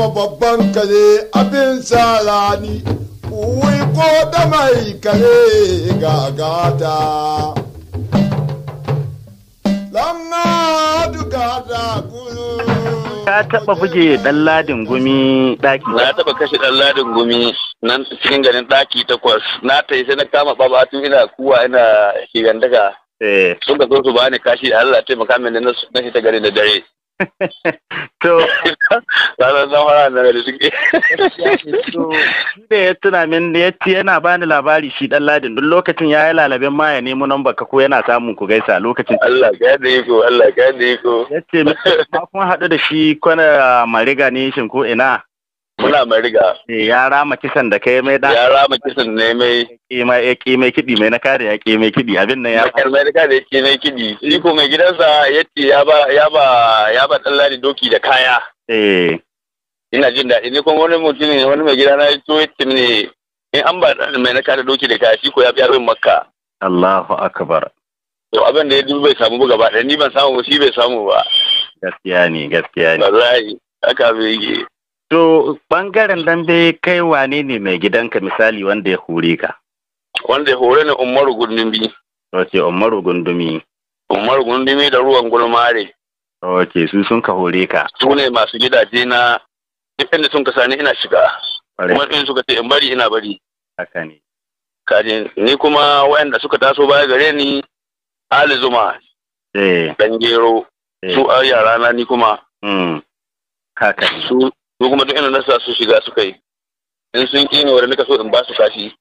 zama babban kare abin sa rani wui ko da mai kare gagata lamma duka da kuru ka taba buge dan ladin gumi daki na taba kashe dan ladin gumi nan cikin garin daki takwas na ta yi sai na kama babatu ina kuwa ina daga eh. sun ka zo su bani kashi Allah taimaka min na shi ta gari da dare to ranar zamara na da suke shi ne ya tuna min ya ce yana bani labari shi dan ladin duk lokacin ya yi lalaben ma ya nemo nan baka ko yana samun ku gaisa lokacin Allah ka da iko Allah ka da iko ya ce ma kun haɗu da shi kwana mariga ne shin ko ina muna mai riga eh, ya rama kisan da kai mai da ya rama kisan ne mai kima ya eh, mai kiɗi mai na kare ya mai kiɗi. abin nan ya kar mai riga da ya mai kiɗi. shi ko mai gidansa yace ya ba ya ba ya ba doki da kaya eh ina jin daɗi ni ko wani mutum ne wani mai gidana ya to yace mini in an ba mai na kare doki da kaya shi ko ya biya min makka Allahu akbar to abin da ya dubu bai samu ba gaba ɗaya ni ban samu ba shi bai samu ba gaskiya ne gaskiya ne wallahi haka bai yi To ɓangaren dai kai wane ne mai gidanka misali wanda ya hore ka? Wanda ya hore ne Umaru Gundumi. Ok, Umaru Gundumi. Umaru Gundumi da ruwan gulmare. Ok, su sun ka hore ka. Su ne masu gidaje na duk inda sun ka sani ina shiga. Kuma in suka ce in bari ina bari. Haka ne. Kaji ni kuma wayanda suka taso baya gare ni Ali Zuma. Eh. Dan gero. Eh. Su a yara na ni kuma. Mm. Haka ne. ko kuma duk inda na su shiga suka yi in sun ƙi ni nika so in ba su kashi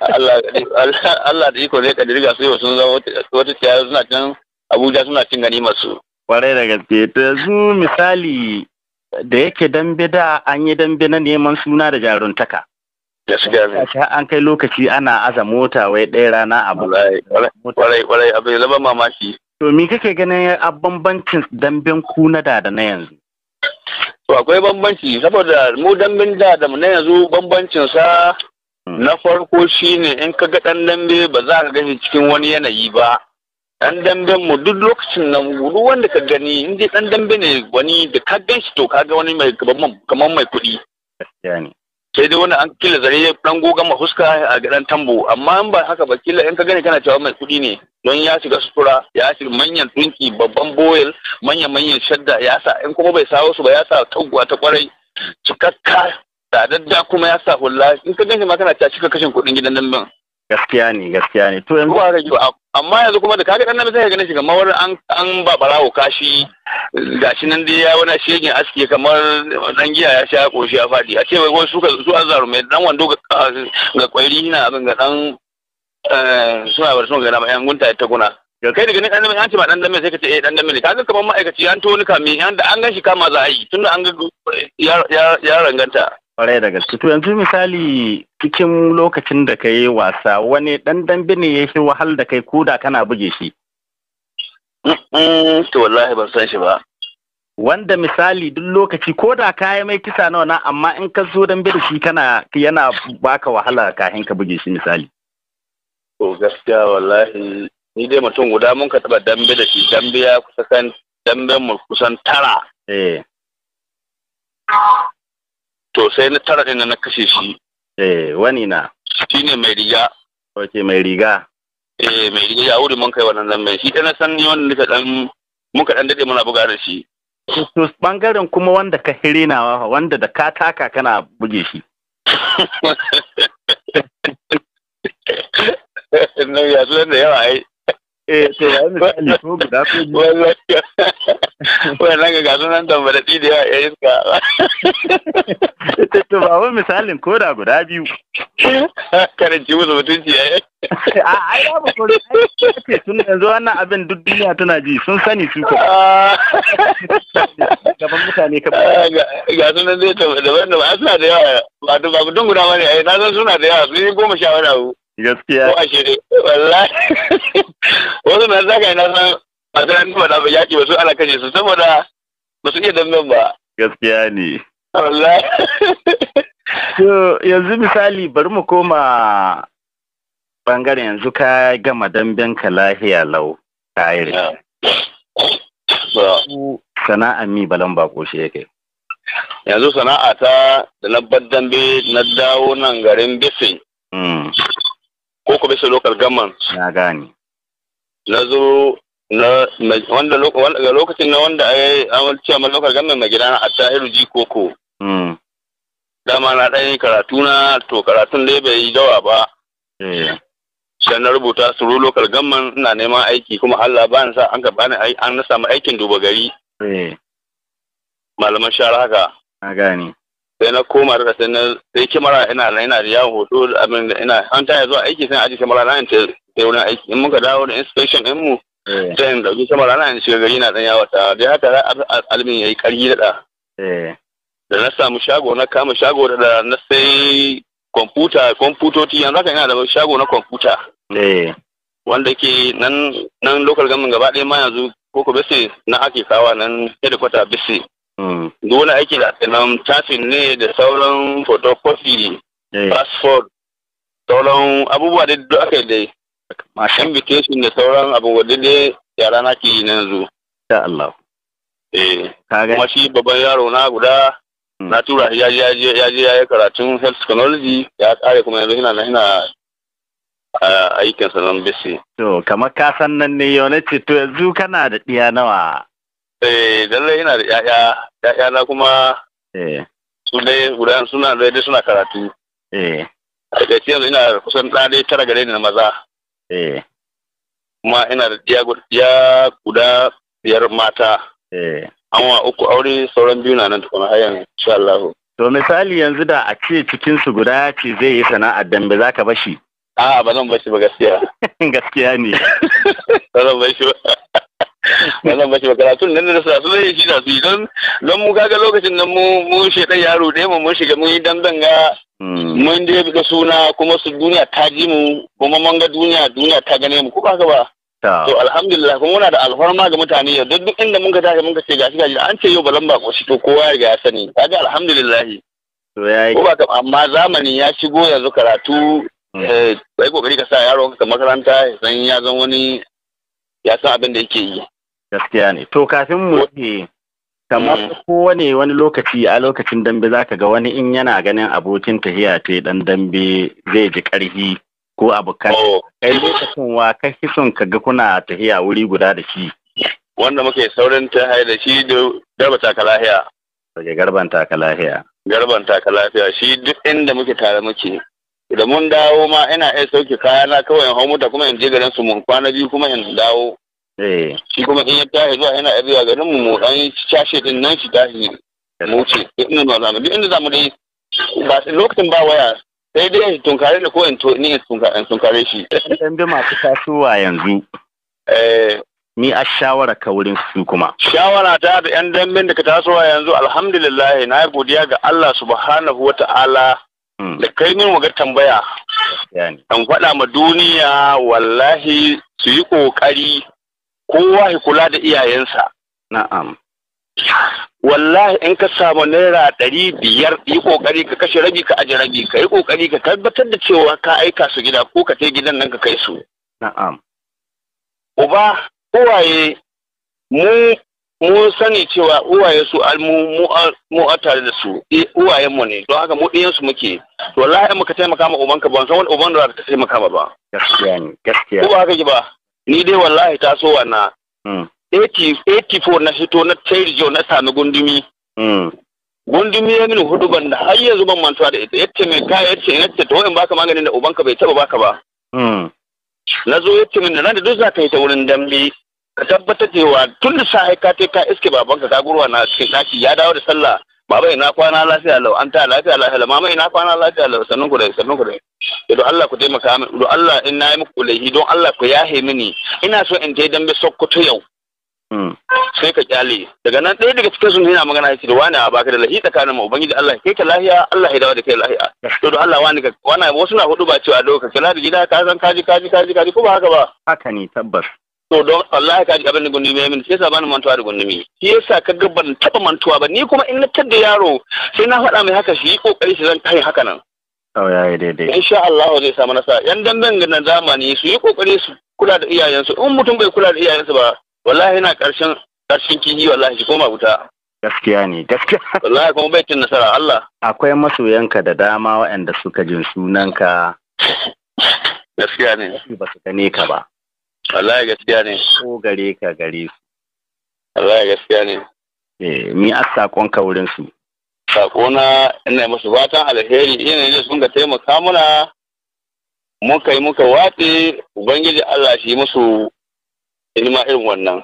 Allah da iko ne kadirga su yau sun zama wata ciyar suna can Abuja suna cin gani masu. Kwarai da gaske ta zu misali da yake dambe da an yi dambe na neman suna da jaruntaka. Gaskiya an kai lokaci ana aza mota wai ɗaya rana abu. Kwarai kwarai abin zama mamaki. To me kake ganin a bambancin damben ku na da na yanzu? To akwai bambanci saboda mu dambin da da na yanzu bambancin sa hmm. na farko shine in ka ga dan dambe ba za ka gani cikin wani yanayi ba. Dan damben mu duk lokacin nan duk wanda ka gani in dai dan dambe ne wani da ka gan to ka ga wani mai kaman mai kuɗi. sai dai wani an kila zare dan gogan ma huska a gadan tambo amma in ba haka ba kila in ka gani kana cewa mai kudi ne don ya shiga sutura ya shiga manyan dinki babban boyel manyan manyan shadda ya sa in kuma bai sawo su ba ya sa tagwa ta kwarai cikakka da dadda kuma ya sa hulla in ka gani ma kana cewa cika kashin kudin gidan nan gaskiya ne gaskiya ne to yanzu ga amma yanzu kuma da kaga dan nan sai ka gane shi kamar an an babarawo kashi gashi nan dai ya wani shegin aski kamar dan giya ya sha koshi ya fadi a ce wai suka su zaru mai dan wando ga ga na abin ga dan suna bar sun ga na yan gunta ta guna kai daga nan dan an ce ba dan dame sai ka ce eh dan dame ne kaga kamar ma'aikaci an to ni kame an da an gan shi kama za a yi tunda an ga ya ya ranganta kwarai da gaske to yanzu misali cikin lokacin da ka yi wasa wani ɗan dambe ne ya shi wahal da kai kuda kana buge shi. To wallahi ban san shi ba. Wanda misali duk lokaci ko da ka yi mai kisa nawa na amma in ka zo dambe da shi kana yana baka wahala kafin ka buge shi misali. To gaskiya wallahi ni dai mutum guda mun ka taba dambe da shi dambe ya kusa kan damben mu kusan tara. Eh. To sai na tara ɗin na kashe shi. Eh, wani na. Shi ne mai riga. Ok, mai riga. Eh, mai riga ya wuri mun kai wannan zambe. Shi ta na san ni wanda nika dan muka dan dade muna buga da shi. To bangaren kuma wanda ka wa wanda da ka taka kana buge shi. Nan ya da yawa ai. eh to ya misali ko guda biyu nan to ba misalin guda biyu karanci musu mutunci yayi eh. a ba yanzu abin sun sani su ka ah, nan suna da yawa ba duk ba guda bane ai na suna da yawa sun yi goma sha wani abu gaskiya ba shi ne wallahi wasu na zaka na san ba da ba da yaki ba su ala kashe su saboda ba su iya dangan ba gaskiya ne wallahi yanzu misali bari mu koma bangaren yanzu ka gama damben ka lahiya lau kayar sana'a mi balan ba ko yake yanzu sana'a ta da na dambe na dawo nan garin bisin mm. Isu local government. Na gane. Na zo na wanda lokacin na wanda a yi ce ma local government mai gidana a Tahiru Ji Koko. Hmm. Dama na ɗan yi karatu na to karatun dai bai yi dawa ba. Eh. Sai na rubuta suru local government ina neman aiki kuma Allah ba sa an ka bani an na samu aikin duba gari. Eh. Malaman shara haka. Na gane. sai na koma da sai na sai kyamara ina na ina da yawon hoto abin da ina an ta zuwa aiki sai aji kyamara na ta sai wurin aiki in muka dawo da inspection din mu eh. sai in na in shiga gari na dan yawa ta da haka almin yayi karyi da eh. da na samu shago na kama shago da na sai kwamfuta kwamfutoci yanzu haka ina da shago na kwamfuta eh. wanda ke nan nan local government gaba ɗaya ma yanzu ko ko bisi na ake kawa nan kwata bisi Gona hmm. aiki da nan tafin ne da sauran photocopy, eh. passport, sauran abubuwa da duk aka dai. Mashin invitation da sauran abubuwa da dai yara na ke na yanzu. Ya Allah. Eh, kuma shi babban yaro na guda hmm. na tura ya je ya yi karatun health technology ya kare kuma yanzu yana yana aikinsa nan bisi. To, kamar ka san nan ne yau na ce to yanzu kana da ɗiya nawa eh lallai ina da ya'ya ya'ya na kuma eh. su dai guda suna dai suna karatu eh a gaci yanzu ina da kusan ɗa dai tara gare ni na maza eh kuma ina da ya guda biyar mata eh an wa uku aure sauran biyu na nan tukuna hayan yanzu insha Allah to misali yanzu da a ce cikin su guda ce zai yi sana'ar dambe zaka bashi a'a ba zan bashi ba gaskiya gaskiya ne ba zan bashi ba ba zan bashi ba karatu nan da sa su yi shi da su don don mu kaga lokacin nan mu mu sheda yaro da mu mun shiga mun yi dandan ga hmm. mun je ga suna kuma su duniya ta ji mu kuma mun ga duniya duniya ta gane mu ko ba ba to alhamdulillah kuma muna da alfarma ga mutane yau duk inda mun ga tashi mun ga ce gashi gashi an ce yau balan ba ko shi to kowa ya ga ya sani kaga alhamdulillah to yayi ko ba amma zamani ya shigo yanzu karatu hmm. eh kokari ka sa yaro ka makaranta san ya zan wani ya san abin da yake yi gaskiya ne to kafin mu ke kamar mm. kowane wani lokaci a lokacin dambe zaka ga wani in yana ganin abokin tahiya ta dan dambe zai ji karhi ko abokan oh, kai lokacin wa kai son ka ga kuna tahiya wuri guda da shi wanda muke saurin ta da shi da garba taka lahiya daga garban taka lahiya garban taka lafiya shi duk inda muke tare muke da mun dawo ma ina iya sauke kayana kawai in hau mota kuma in je garin su mun kwana biyu kuma in dawo Eh. shi kuma in ya tashi zuwa yana yar zuwa garin mu mu dan cashe din nan shi tashi mu ce. inda ba zamu duk inda zamu dai ba lokacin ba waya sai dai in tunkare da ko in to ni in tunkare shi dan bi masu tasowa yanzu eh ni a shawara ka wurin su kuma shawara ta da yan dambin da ka tasowa yanzu alhamdulillah na godiya ga Allah subhanahu wata'ala hmm. da kai min waga tambaya an faɗa ma duniya wallahi su yi ƙoƙari kowa ya kula da iyayensa na'am wallahi in ka samu naira ɗari biyar yi ƙoƙari ka kashe rabi ka aji rabi ka yi ƙoƙari ka tabbatar da cewa ka aika su gida ko ka je gidan nan ka kai su na'am uba uwaye mu mun sani cewa uwaye su mu a tare da su e, uwayen mu ne don haka mu ɗiyan su muke to wallahi muka taimaka ma ubanka ban san wani uban da za ka taimaka ma ba gaskiya ne gaskiya ko ba haka ba ni dai wallahi tasowa na 84 hmm. na fito na jiyo na sami gundumi hmm. gundumi ya mini hudu banda har yanzu ban mantuwa da ita yace mai kaya yace ina ce ta baka maganin da ubanka bai taba baka ba hmm. na zo yace min nan da duk za ka yi ta wurin dambe ka tabbatar cewa tun da sa ka ka iske babanka ka gurwa na cikin daki ya dawo da sallah baba ina kwana lafiya lau an ta lafiya lafiya lau mama ina kwana lafiya lau sannan ku da sannan ku da ya Allah ku taimaka min idan Allah in na yi muku laifi don Allah ku yahe mini ina so in je dambe sokoto yau hmm. sai ka kyale daga nan ɗaya daga cikin sun yana magana yace da wani a baka da lahi tsakanin mu ubangiji Allah kai ka lahiya Allah ya dawo da kai lahiya to Allah wani wani wasu na hudu ba cewa doka kila da gida ka san kaji kaji kaji kaji ko ba haka ba haka ne tabbas to don wallahi ka ji abin da gundumi ya min sai yasa bani mantuwa da gundumi shi yasa ka ga ban taba mantuwa ba ni kuma in na tadda yaro sai na faɗa mai haka shi yi kokari shi zan kai haka nan to yayi daidai insha Allah zai samu nasara yan dandan na zamani su yi kokari su kula da iyayensu in mutum bai kula da iyayensu ba wallahi yana karshen karshen kihi wallahi shi koma wuta gaskiya ne gaskiya wallahi kuma bai cin nasara Allah akwai masoyanka da dama waɗanda suka jin sunanka gaskiya ne ba su gane ka ba ya gaskiya ne ko gare ka gare su ya gaskiya ne eh ni a sakon ka wurin su sakona ina musu fatan alheri ina ne sun ga taimaka mana mun yi muka wace, ubangiji Allah shi musu ilma irin wannan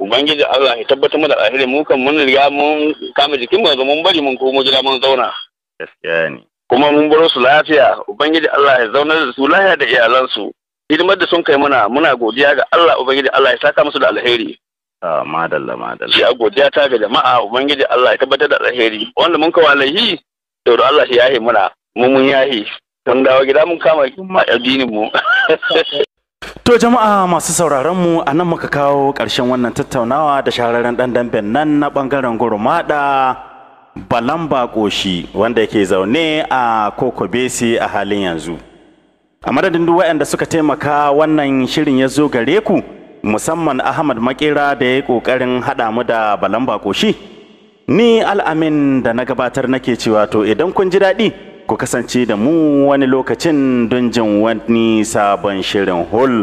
ubangiji Allah ya tabbatar mana alheri mu kan mun riga mun kama jikin mu mun bari mun komo gida mun zauna gaskiya ne kuma mun bar su lafiya ubangiji Allah ya zaunar da su lafiya da iyalansu hidimar da sun kai muna muna godiya ga Allah ubangiji Allah ya saka musu da alheri madalla madalla shi a godiya ta ga jama'a ubangiji Allah ya tabbatar da alheri wanda mun kawo alaihi to Allah ya yi muna mun mun yahi mun dawo gida mun kama addinin mu To jama'a masu sauraron mu a nan muka kawo ƙarshen wannan tattaunawa da shahararren dan damben nan na ɓangaren gurmaɗa Balamba koshi wanda yake zaune a Kokobesi a halin yanzu. a madadin duk waɗanda suka taimaka wannan shirin ya zo gare ku musamman ahmad makera da ya yi ƙoƙarin haɗa mu da balan bakoshi ni al'amin da na gabatar nake cewa to idan kun ji daɗi ku kasance da mu wani lokacin don jin wani sabon shirin hol.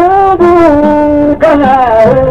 God.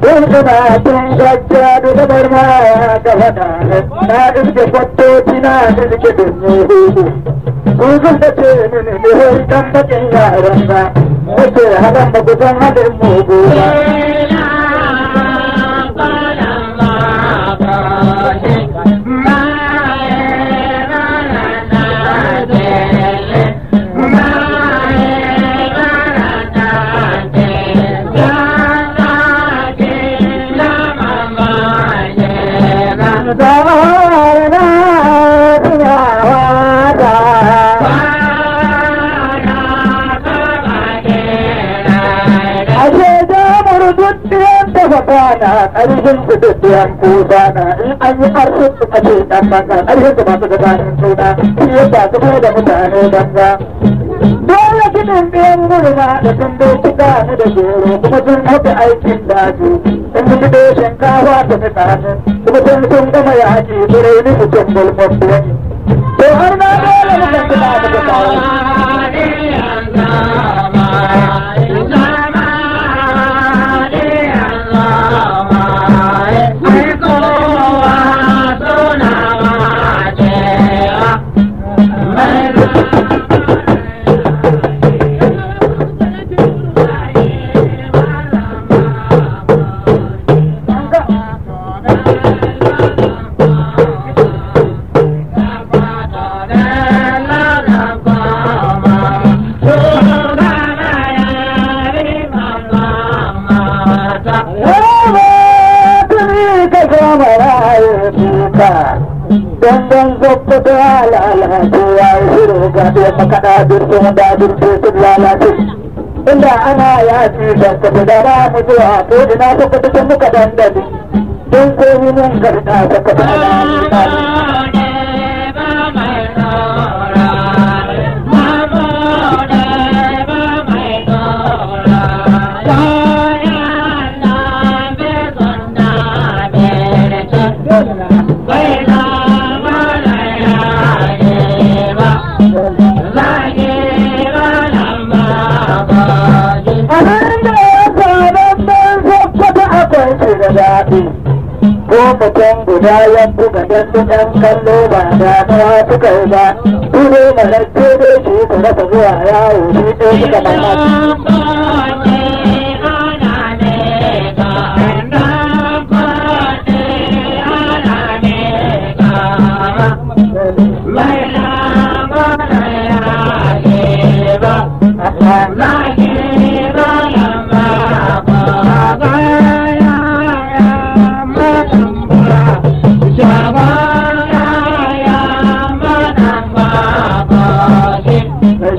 Dunsuna sun gaggado da ga fada na iske kwattoci na da ce mini ne hori kan bakin yaran ba, muke haɗan ba kusan mugu ba. ƙarshen fitattun kusa bana in an yi arzikin su kashe ɗan banga ƙarshen da masu gabanin suna shi ya ba su da mutane banga. Dole ginin ɗayan gurma da sun bai kuka ni da goro kuma sun haɗa aikin daji sun fi fito shinkawa da mutane kuma sun sun gama yaƙi su raini mutum gulmabbuwa. To har na dole mutum kuka da gabanin ka dandan gobba da lalata ya yi shirin ga ɗaya makaɗa birkin da birkin sun lalace inda ana ya ci da ka da ba mu zuwa ko da na so ka muka dandali don komi mun garɗa ta ka da lalata bayan buga dan dan kallo ba da nawa suka yi ba dole malakku dai shi ka rasa zuwa yawo shi dai suka mamaki Life.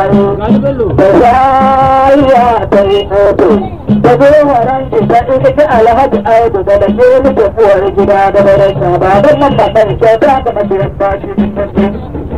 sani iya ta yi ɗauke da ta ita alhaji aibu da da ke uwar gida da barai ta ba don nan ba ta kyauta ga masu yadda shi